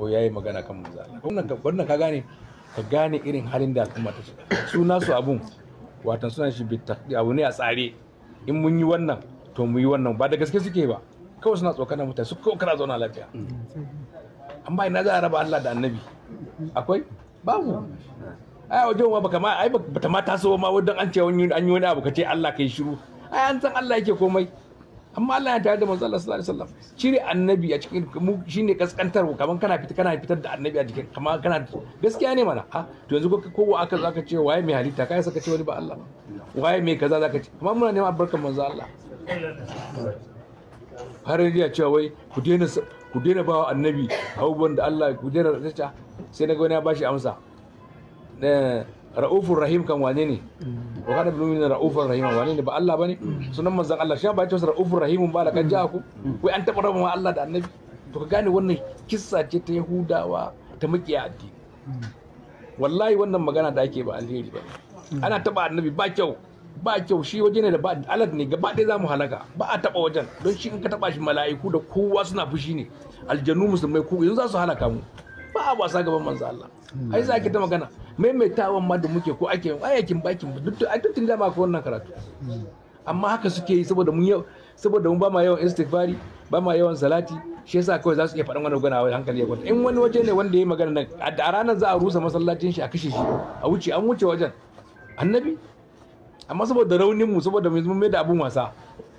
ko ya yi magana kan maza wannan ka gane ka gane irin halin da kuma ta shiga su nasu abun watan suna shi abu ne a tsare in mun yi wannan to mu yi wannan ba da gaske suke ba kawai suna tsokanar mutane su kawai kana zauna lafiya amma ina za a raba Allah da annabi akwai babu ai wajen ma baka ma ai bata ma taso ma wadan an ce an yi wani abu ka ce Allah kai shiru ai an san Allah yake komai amma Allah ya tare da manzo Allah sallallahu alaihi wasallam cire annabi a cikin mu shine ku kaman kana fitar kana fitar da annabi a cikin kaman kana gaskiya ne mana ha to yanzu ko wa aka zaka ce waye mai halitta kai saka ce wani ba Allah waye mai kaza zaka ce amma muna neman barkan manzo Allah har ya cewa wai ku daina ku daina bawa annabi abubuwan da Allah ku daina rata sai na wani ya bashi amsa eh, ra'ufur rahim kan wane ne wa kana bil na ra'ufur rahim wane ne ba Allah bane sunan manzan Allah shi ba ya ce ra'ufur rahim ba la kan ku wai an taba rabon Allah da annabi to ka gane wannan kissa ce ta Yahudawa ta muke addini wallahi wannan magana da ake ba alheri ba ana taba annabi ba kyau ba kyau shi waje ne da ba alad ne gaba ɗaya mu halaka ba a taba wajen don shi in ka taba shi mala'iku da kowa suna fushi ne aljanu musulmai ku yanzu za su halaka mu ba a wasa gaban manzo Allah ai za ki ta magana maimaitawa ma da muke ko ake ayyakin bakin duk a duk da ba ko wannan karatu amma haka suke yi saboda mun saboda mun ba ma yawan istighfari ba ma yawan salati shi yasa kawai za su iya faɗan wani magana a hankali ya kwanta in wani waje ne wanda ya yi magana nan a ranar za a rusa masallacin shi a kashe shi a wuce an wuce wajen annabi amma saboda raunin mu saboda mu mai da abun wasa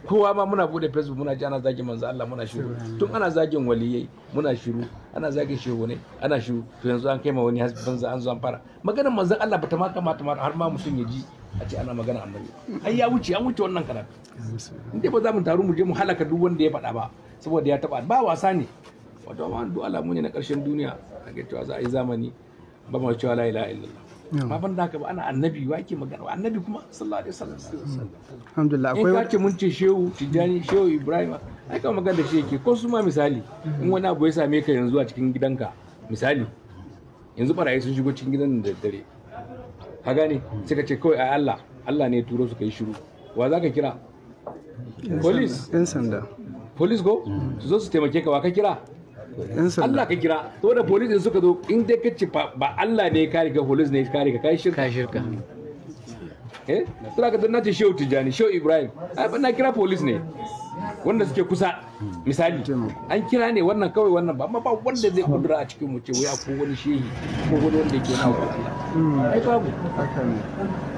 kowa ma muna bude facebook muna ji ana zagin manzo Allah muna shiru tun ana zagin waliyai muna shiru ana zagin shehu ne ana shiru to yanzu an kai ma wani hasbin za an zo an fara maganar manzon Allah bata ma kamata ma har ma mutum ya ji a ce ana magana annabi ai ya wuce an wuce wannan karatu inda ba za mu taru mu je mu halaka duk wanda ya faɗa ba saboda ya taba ba wasa ne wato ma duk alamu ne na ƙarshen duniya a ga cewa za a yi zamani ba ma cewa la ilaha illallah amma ban da haka ba ana annabi wa ke magana annabi kuma sallallahu alaihi wasallam alhamdulillah akwai kake mun ce shehu tijani shehu ibrahim ai ka magana da shi yake ko su ma misali in wani abu ya same ka yanzu a cikin gidanka misali yanzu barayi sun shigo cikin gidan da dare ka gane sai ka ce kawai ai Allah Allah ne ya turo su kai shiru wa za ka kira police yan sanda police ko su zo su taimake ka wa ka kira Allah ka kira to da police suka zo in dai kace ba Allah ne ya kare ka police ne ya kare ka kai shirka kai shirka eh sai ka danna ce Shehu Tijani Shehu Ibrahim ai na kira police ne wanda suke kusa misali an kira ne wannan kawai wannan ba amma ba wanda zai kudura a cikin mu ce wai akwai wani shehi ko wani wanda yake na wa Allah hmm. ai babu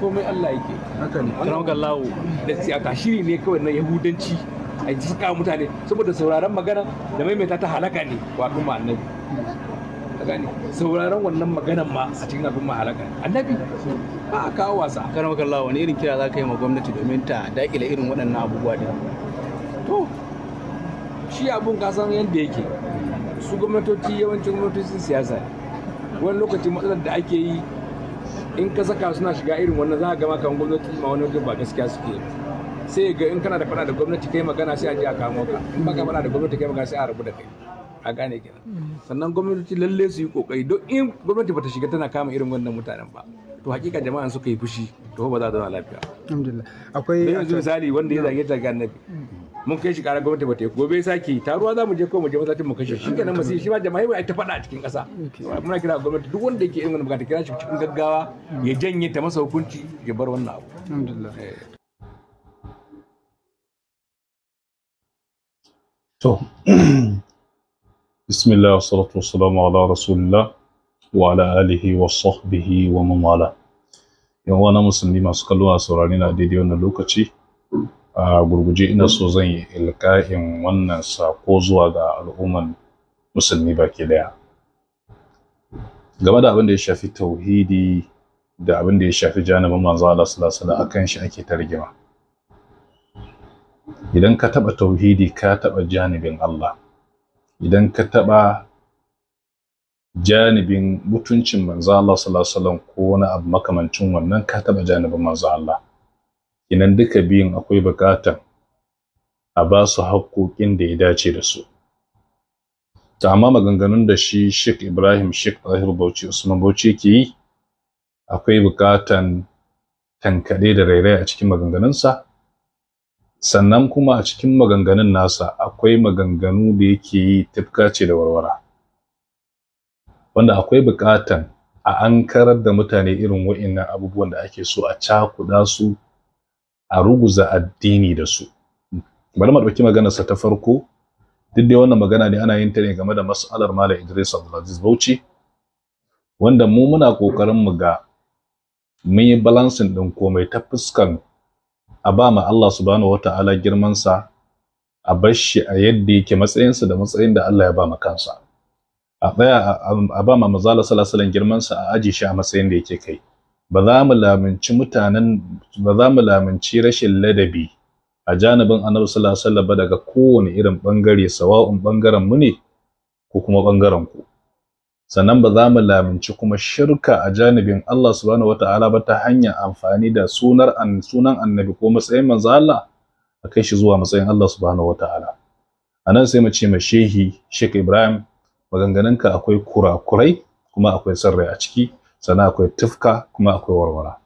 komai Allah yake haka ne karamar Lawo. da siyaka shiri ne kawai na yahudanci a saka mutane saboda sauraron magana da maimaita ta halaka ne wa kuma annabi gane sauraron wannan maganan ma a cikin abin mahalaka annabi ba a kawo wasa kana maka Allah wani irin kira za ka yi ma gwamnati domin ta dakile irin waɗannan abubuwa da to shi abun ka san yadda yake su gwamnatoci yawancin gwamnatocin siyasa wani lokaci matsalar da ake yi in ka saka suna shiga irin wannan za a gama kan gwamnati ma wani ba gaskiya suke yi sai ga in kana da fada da gwamnati kai magana sai a ji a kamo ka in baka fada da gwamnati kai magana sai a rabu da kai a gane kenan sannan gwamnati lalle su yi kokari don in gwamnati bata shiga tana kama irin wannan mutanen ba to hakika jama'an suka yi fushi to ba za ta zama lafiya alhamdulillah akwai yanzu misali wanda ya zage ta ga annabi mm. mun kai shi kara gwamnati ba ta yi gobe saki taruwa za mu je ko mu je masallacin mu kashe shi kenan musu shi ba jama'a ba ta fada a cikin kasa muna kira gwamnati duk wanda yake irin wannan bukata kira shi cikin gaggawa ya janye ta masa hukunci ya bar wannan abu alhamdulillah eh. To, bismillah salatu wassalamu ala rasulillah wa ala alihi wa sahbihi wa mamala. Yan na musulmi masu kallon a saurari na daidai wannan lokaci, a gurguje ina so zan yi ilka'in wannan sako zuwa ga al'umman musulmi baki daya. Game da abin da ya shafi tauhidi da abin da ya shafi janibin manzo Allah sallallahu alaihi wasallam akan shi ake targima. rigima. idan ka taɓa tauhidi ka taɓa janibin Allah idan ka taɓa janibin mutuncin manzo Allah sallallahu alaihi wasallam ko wani abu makamancin wannan ka taɓa janibin manzo Allah idan duka biyun akwai bukatan a ba su haƙoƙin da ya dace da su ta amma maganganun da shi Sheikh Ibrahim Sheikh Tahir Bauchi Usman Bauchi ke yi akwai bukatan tankaɗe da rairaya a cikin maganganunsa sannan kuma a cikin maganganun nasa akwai maganganu da yake yi tafka ce da warwara wanda akwai buƙatan a ankarar da mutane irin wa'innan abubuwan da ake so a cakuɗa su a ruguza addini da su bari mu ɗauki maganarsa ta farko duk dai wannan magana ne ana yin ta ne game da mas'alar Malam Idris Abdulaziz Bauchi wanda mu muna ƙoƙarin mu ga mun yi balancing ɗin komai ta fuskan a ba ma Allah subhanahu wata'ala girmansa a bar shi a yadda yake matsayinsa da matsayin da Allah ya ba ma kansa a tsaya a ba ma mazala salasalan girmansa a aji shi a matsayin da yake kai ba za mu lamunci mutanen ba za mu lamunci rashin ladabi a janibin annabi sallallahu alaihi wasallam daga kowane irin bangare sawa'un bangaren mu ne ko kuma bangaren ku sannan ba za mu lamunci kuma shirka a janibin Allah subhanahu wata'ala ba ta hanyar amfani da sunar an sunan annabi ko matsayin manzo Allah a kai shi zuwa matsayin Allah subhanahu wata'ala a nan sai mu ce ma shehi Sheikh Ibrahim Maganganun ka akwai kurakurai kuma akwai sarrai a ciki sannan akwai tufka kuma akwai warwara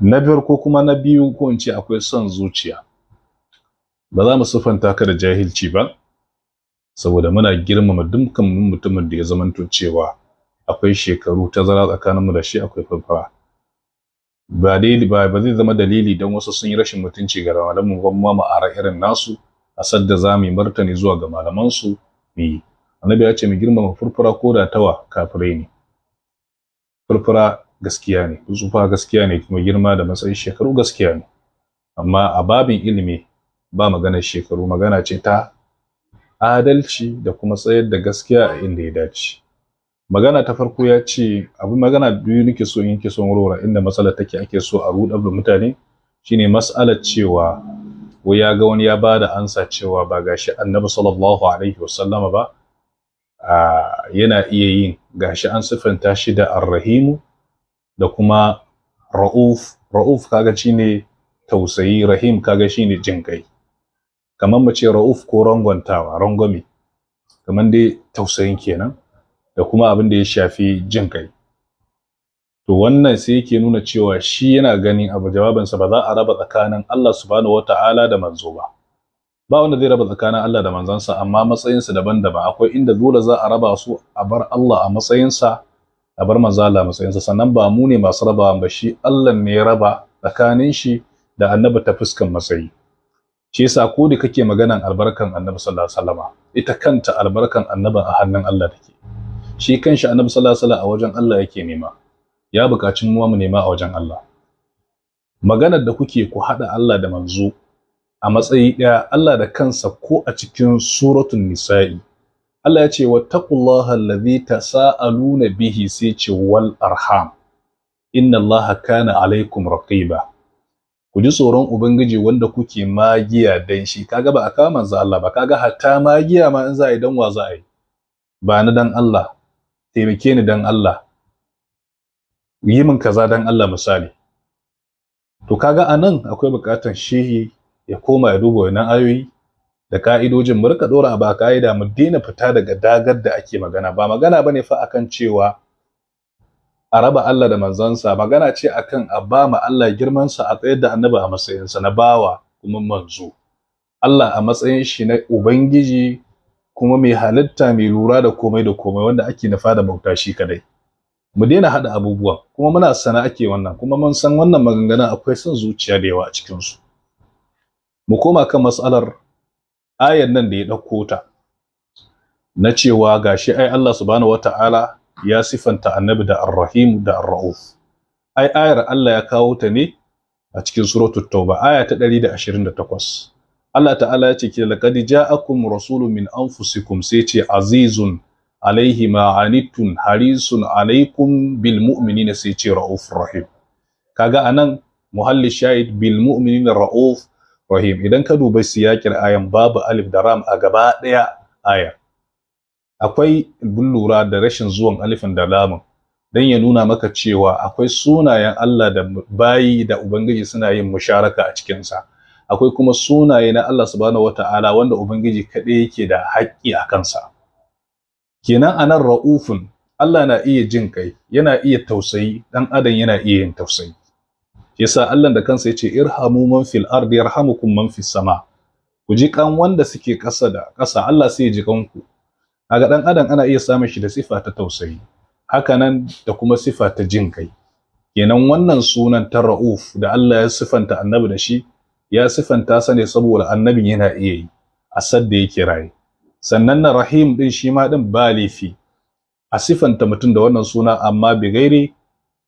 na biyar ko kuma na biyu ko in ce akwai son zuciya ba za mu siffanta ka da jahilci ba saboda muna girmama dukkan mutumin da ya zamanto cewa akwai shekaru ta tazara tsakaninmu da shi akwai fafara ba dai ba ba zai zama dalili don wasu sun yi rashin mutunci ga malaman ban ma ara irin nasu a sadda za mu martani zuwa ga malaman su mu annabi ya ce mu girmama furfura ko da tawa kafirai ne furfura gaskiya ne tsufa gaskiya ne kuma girma da matsayin shekaru gaskiya ne amma a babin ilimi ba magana shekaru magana ce ta adalci da kuma tsayar da gaskiya a inda ya dace magana ta farko ya ce abu magana biyu nake so in yake son rora inda matsalar take ake so a rudar da mutane shine mas'alar cewa ko ya ga wani ya bada ansa cewa ba gashi annabi sallallahu alaihi wasallam ba yana iya yin gashi an siffanta shi da arrahimu da kuma ra'uf ra'uf kaga shine tausayi rahim kaga shine jinkai kamar mu ce ra'uf ko rangontawa rangwame kamar dai tausayin kenan da kuma abin da ya shafi jin kai to wannan sai yake nuna cewa shi yana gani abu jawabinsa ba za a raba tsakanin Allah subhanahu wata'ala da manzo ba ba wanda zai raba tsakanin Allah da manzansa amma matsayinsa daban-daban akwai inda dole za a raba su a bar Allah a matsayinsa a bar manzo Allah a matsayinsa sannan ba mu ne masu rabawa ba shi Allah ne ya raba tsakanin shi da annabi ta fuskan matsayi shi yasa ko da kake maganan albarkan annabi sallallahu alaihi wasallam ita kanta albarkan annaban a hannun Allah take shi kanshi annabi sallallahu alaihi wasallam a wajen Allah yake nema ya bukaci mu mu nema a wajen Allah maganar da kuke ku hada Allah da manzo a matsayi daya Allah da kansa ko a cikin suratul nisa'i Allah ya ce wattaqullaha allazi tasaaluna bihi sai ce wal arham inna allaha kana alaikum raqiba ku ji tsoron ubangiji wanda kuke magiya dan shi kaga ba a kama manzo Allah ba kaga hatta magiya ma in za a yi dan wa za a yi ba ni dan Allah taimake ni dan Allah yi min kaza dan Allah misali to kaga anan akwai bukatar shehi ya koma ya duba wannan ayoyi da ka'idojin mu rika dora ba ka'ida mu daina fita daga dagar da ake magana ba magana bane fa akan cewa a raba Allah da manzansa magana ce akan a ba ma Allah girmansa a tsayar da annabi a matsayinsa na bawa kuma manzo Allah a matsayin shi na ubangiji kuma mai halitta mai lura da komai da komai wanda ake nufa da bauta shi kadai mu daina hada abubuwa kuma muna sana ake wannan kuma mun san wannan maganganun akwai son zuciya da yawa a cikin su mu koma kan matsalar ayar nan da ya ɗauko ta na cewa gashi ai Allah subhanahu wata'ala ya sifanta annabi da arrahim da al-Ra'uf. ai ayar Allah ya kawo ta ne a cikin suratul tauba aya ta 128 Allah ta'ala ya ce ki laqad ja'akum rasulun min anfusikum sai ce azizun alaihi ma harisun alaikum bil mu'minina sai ce rauf rahim kaga anan muhalli shahid bil mu'minina rauf rahim idan ka duba siyakin ayan babu alif da ram a gaba daya ayar akwai bin lura da rashin zuwan alifin da lamun don ya nuna maka cewa akwai sunayen Allah da bayi da Ubangiji suna yin musharaka a cikinsa akwai kuma sunaye na Allah subhanahu wata'ala wanda Ubangiji kaɗai yake da haƙƙi a kansa kenan a nan ra'ufin, Allah na iya jin kai yana iya tausayi ɗan adam yana iya yin tausayi yasa Allah da kansa ya ce, irhamu man fil ardi yarhamukum man fis sama ku ji kan wanda suke ƙasa da ƙasa Allah sai ya ji kanku a ga ɗan adam ana iya samun shi da sifa ta tausayi hakanan da kuma sifa ta jin kai kenan wannan sunan ta ra'uf da Allah ya sifanta annabi da shi ya sifanta sa ne saboda annabin yana iya yi a sadda yake raye sannan na rahim din shi ma din ba laifi a sifanta mutum da wannan suna amma bi gairi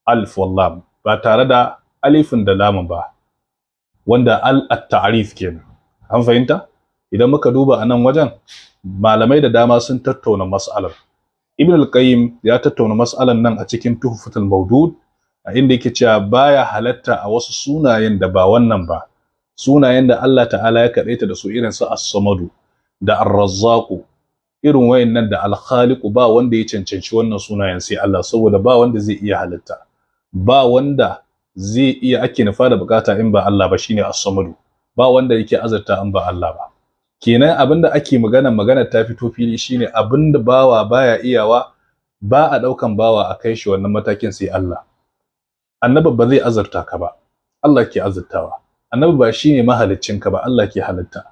alif wallam ba tare da alifin da lamun ba wanda al at-ta'rif kenan an fahimta idan muka duba a nan wajen malamai da dama sun tattauna mas'alar ibn al-qayyim ya tattauna mas'alar nan a cikin tuhfatul mawdud a inda yake cewa baya halatta a wasu sunayen da ba wannan ba sunayen da Allah ta'ala ya kadaita da su irin su as-samadu da ar-razzaqu irin wayannan da al-khaliqu ba wanda ya cancanci wannan sunayen sai Allah saboda ba wanda zai iya halatta ba wanda zai iya ake nufa da bukata in ba Allah ba shine as-samadu ba wanda yake azurta in ba Allah ba kenan abin da ake magana magana ta fito fili shine da bawa baya iyawa ba a daukan bawa a kai shi wannan matakin sai Allah annabi ba zai azurta ka ba Allah ke azurtawa annabi ba shine mahaliccin ka ba Allah ke halitta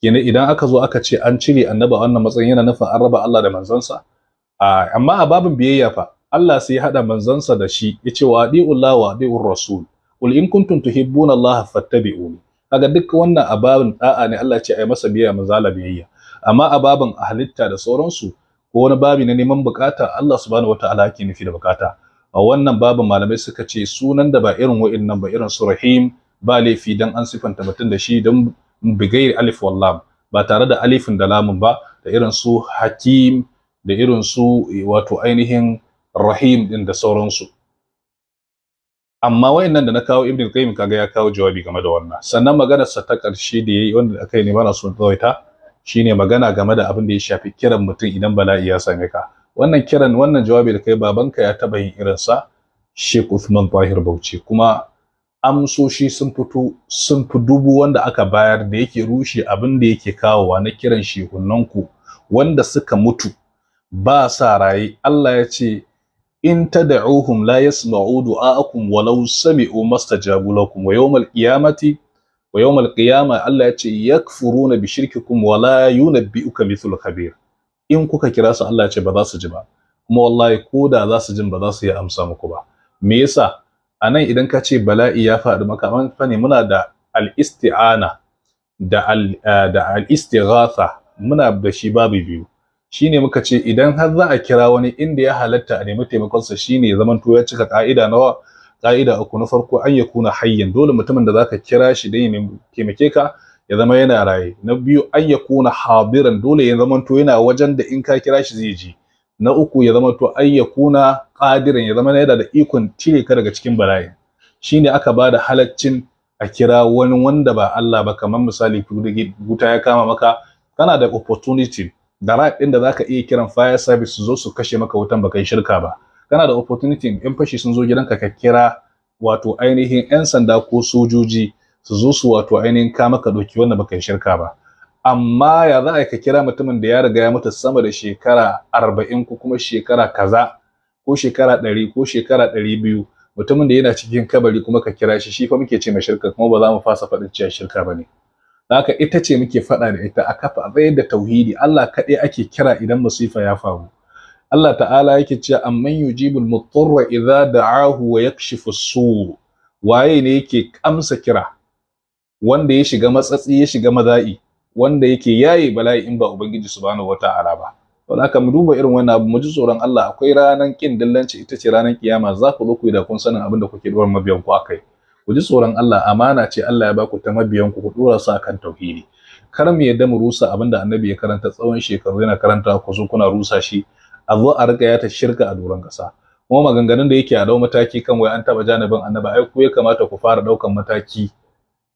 kenan idan aka zo aka ce an cire annabi wannan matsayin yana nufin an raba Allah da manzansa amma a babin biyayya fa Allah sai ya hada manzansa da shi yace wa di'ullahi wa di'ur rasul qul in kuntum tuhibbuna Allah fattabi'uni kaga duk wannan ababin da'a ne Allah ce ai masa miya mazala biyayya amma ababin halitta da sauransu ko wani babi na neman bukata Allah subhanahu wataala yake nufi da bukata a wannan babin malamai suka ce sunan da ba irin wa'innan ba irin su rahim ba laifi dan an sifanta mutum da shi dan bigayar alif wallam ba tare da alifin da lamun ba da irin su hakim da irin su eh, wato ainihin rahim din da sauransu amma wayannan da na kawo ibn qayyim kaga ya kawo jawabi game da wannan sannan maganar sa ta karshe da yayi wanda akai ne bana son tsawaita shine magana game da abin da ya shafi kiran mutum idan bala'i ya same ka wannan kiran wannan jawabi da kai babanka ya taba yin irin sa Sheikh Uthman Tahir Bauchi kuma amsoshi sun fito sun fi dubu wanda aka bayar da yake rushe abin da yake kawowa na kiran shehunanku wanda suka mutu ba sa raye Allah ya ce in tad'uhum la yasma'u du'a'akum walau sami'u mastajabu lakum wa yawmal qiyamati wa yawmal qiyama Allah yace yakfuruna bi shirkikum wa la yunabbi'uka mithlu khabir in kuka kira su Allah ce ba za su ji ba kuma wallahi ko da za su jin ba za su yi amsa muku ba me yasa anan idan ka ce bala'i ya faɗi maka man fa muna da al-isti'ana eh, da al-istighatha muna da shi babu biyu shine muka ce idan har za a kira wani inda ya halatta a nemi taimakonsa shine zaman to ya cika ka'ida nawa ka'ida uku na farko an ya kuna hayyan dole mutumin da zaka kira shi dan ya taimake ka ya zama yana raye na biyu an ya kuna dole ya zama yana wajen da in ka kira shi zai ji na uku ya zama to an ya kuna qadiran ya zama yana da ikon cire ka daga cikin bala'i shine aka bada halaccin a kira wani wanda ba Allah ba kamar misali wuta ya kama maka kana da opportunity da right din da zaka iya kiran fire service su zo su kashe maka wutan baka shirka ba kana da opportunity in fashi sun zo gidanka ka kira wato ainihin yan sanda ko sojoji su zo su wato ainihin ka maka doki wanda baka shirka ba amma ya za a ka kira mutumin da ya riga ya mutu sama da shekara arba'in ko kuma shekara kaza ko shekara ɗari ko shekara 200 biyu mutumin da yana cikin kabari kuma ka kira shi shi fa muke ce mai shirka kuma ba za mu fasa faɗin cewa shirka ba ne. haka ita ce muke faɗa da ita a kafa tsayar da tauhidi Allah kaɗai ake kira idan masifa ya faru Allah ta'ala yake cewa amman yujibul mutarra idza da'ahu wa yakshifu su waye ne yake amsa kira wanda ya shiga matsatsi ya shiga maza'i wanda yake yaye bala'i in ba ubangiji subhanahu wata'ala ba don haka mu duba irin wannan abu mu ji tsoron Allah akwai ranan kin dillanci ita ce ranan kiyama za ku zo ku da kun sanin abin da kuke duwar mabiyan ku akai ku ji tsoron Allah amana ce Allah ya baku ta mabiyan ku ku dora su akan tauhidi kar mu yadda mu rusa abinda annabi ya karanta tsawon shekaru yana karanta ku zo kuna rusa shi a zo a riga ya ta shirka a doron kasa kuma maganganun da yake a dau mataki kan wai an taba janibin annabi ai ku ya kamata ku fara daukan mataki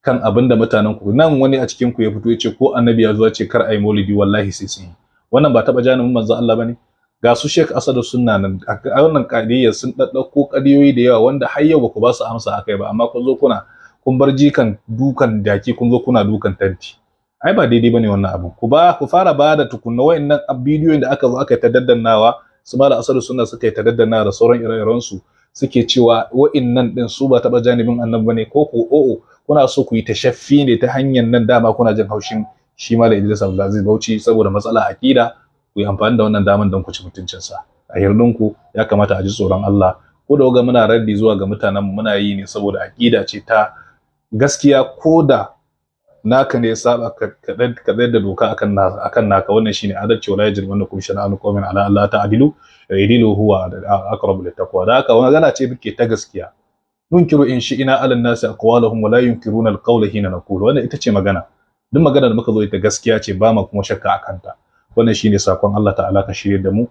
kan abinda mutanen ku nan wani a cikin ku ya fito ya ce ko annabi ya zo ya ce kar ai maulidi wallahi sai sai wannan ba taba janibin manzo Allah bane ga su Sheikh Asadu sunna nan a wannan kadiyar sun daddauko kadiyoyi da yawa wanda har yau baku ba su amsa akai ba amma kun zo kuna kun bar jikan dukan daki kun zo kuna dukan tanti ai ba daidai bane wannan abu ku ba ku fara ba da tukunna wayannan bidiyoyin da aka zo aka ta daddannawa su mala Asadu sunna suka ta daddannawa da sauran ire-iren su suke cewa wayannan din su ba taba janibin annabi bane ko ko o'o kuna so ku yi tashaffi ne ta hanyar nan dama kuna jin haushin shi mala Idris Abdulaziz Bauchi saboda matsala akida ku yi amfani da wannan daman don ku ci mutuncinsa a hirdinku ya kamata a ji tsoron Allah ko da ga muna raddi zuwa ga mutanen muna yi ne saboda aqida ce ta gaskiya ko da naka ne saba ka da doka akan akan naka wannan shine adalci wala yajri wannan kum shana'an qawmin ala Allah ta'dilu idilu huwa aqrabu littaqwa da haka wannan gana ce muke ta gaskiya nunkiru in shi'ina ala nasi aqwalahum wala yunkiruna alqawla hina naqulu wannan ita ce magana duk magana da muka zo ita gaskiya ce ba ma kuma shakka akan ta wannan shine sakon Allah ta'ala ka shirye da mu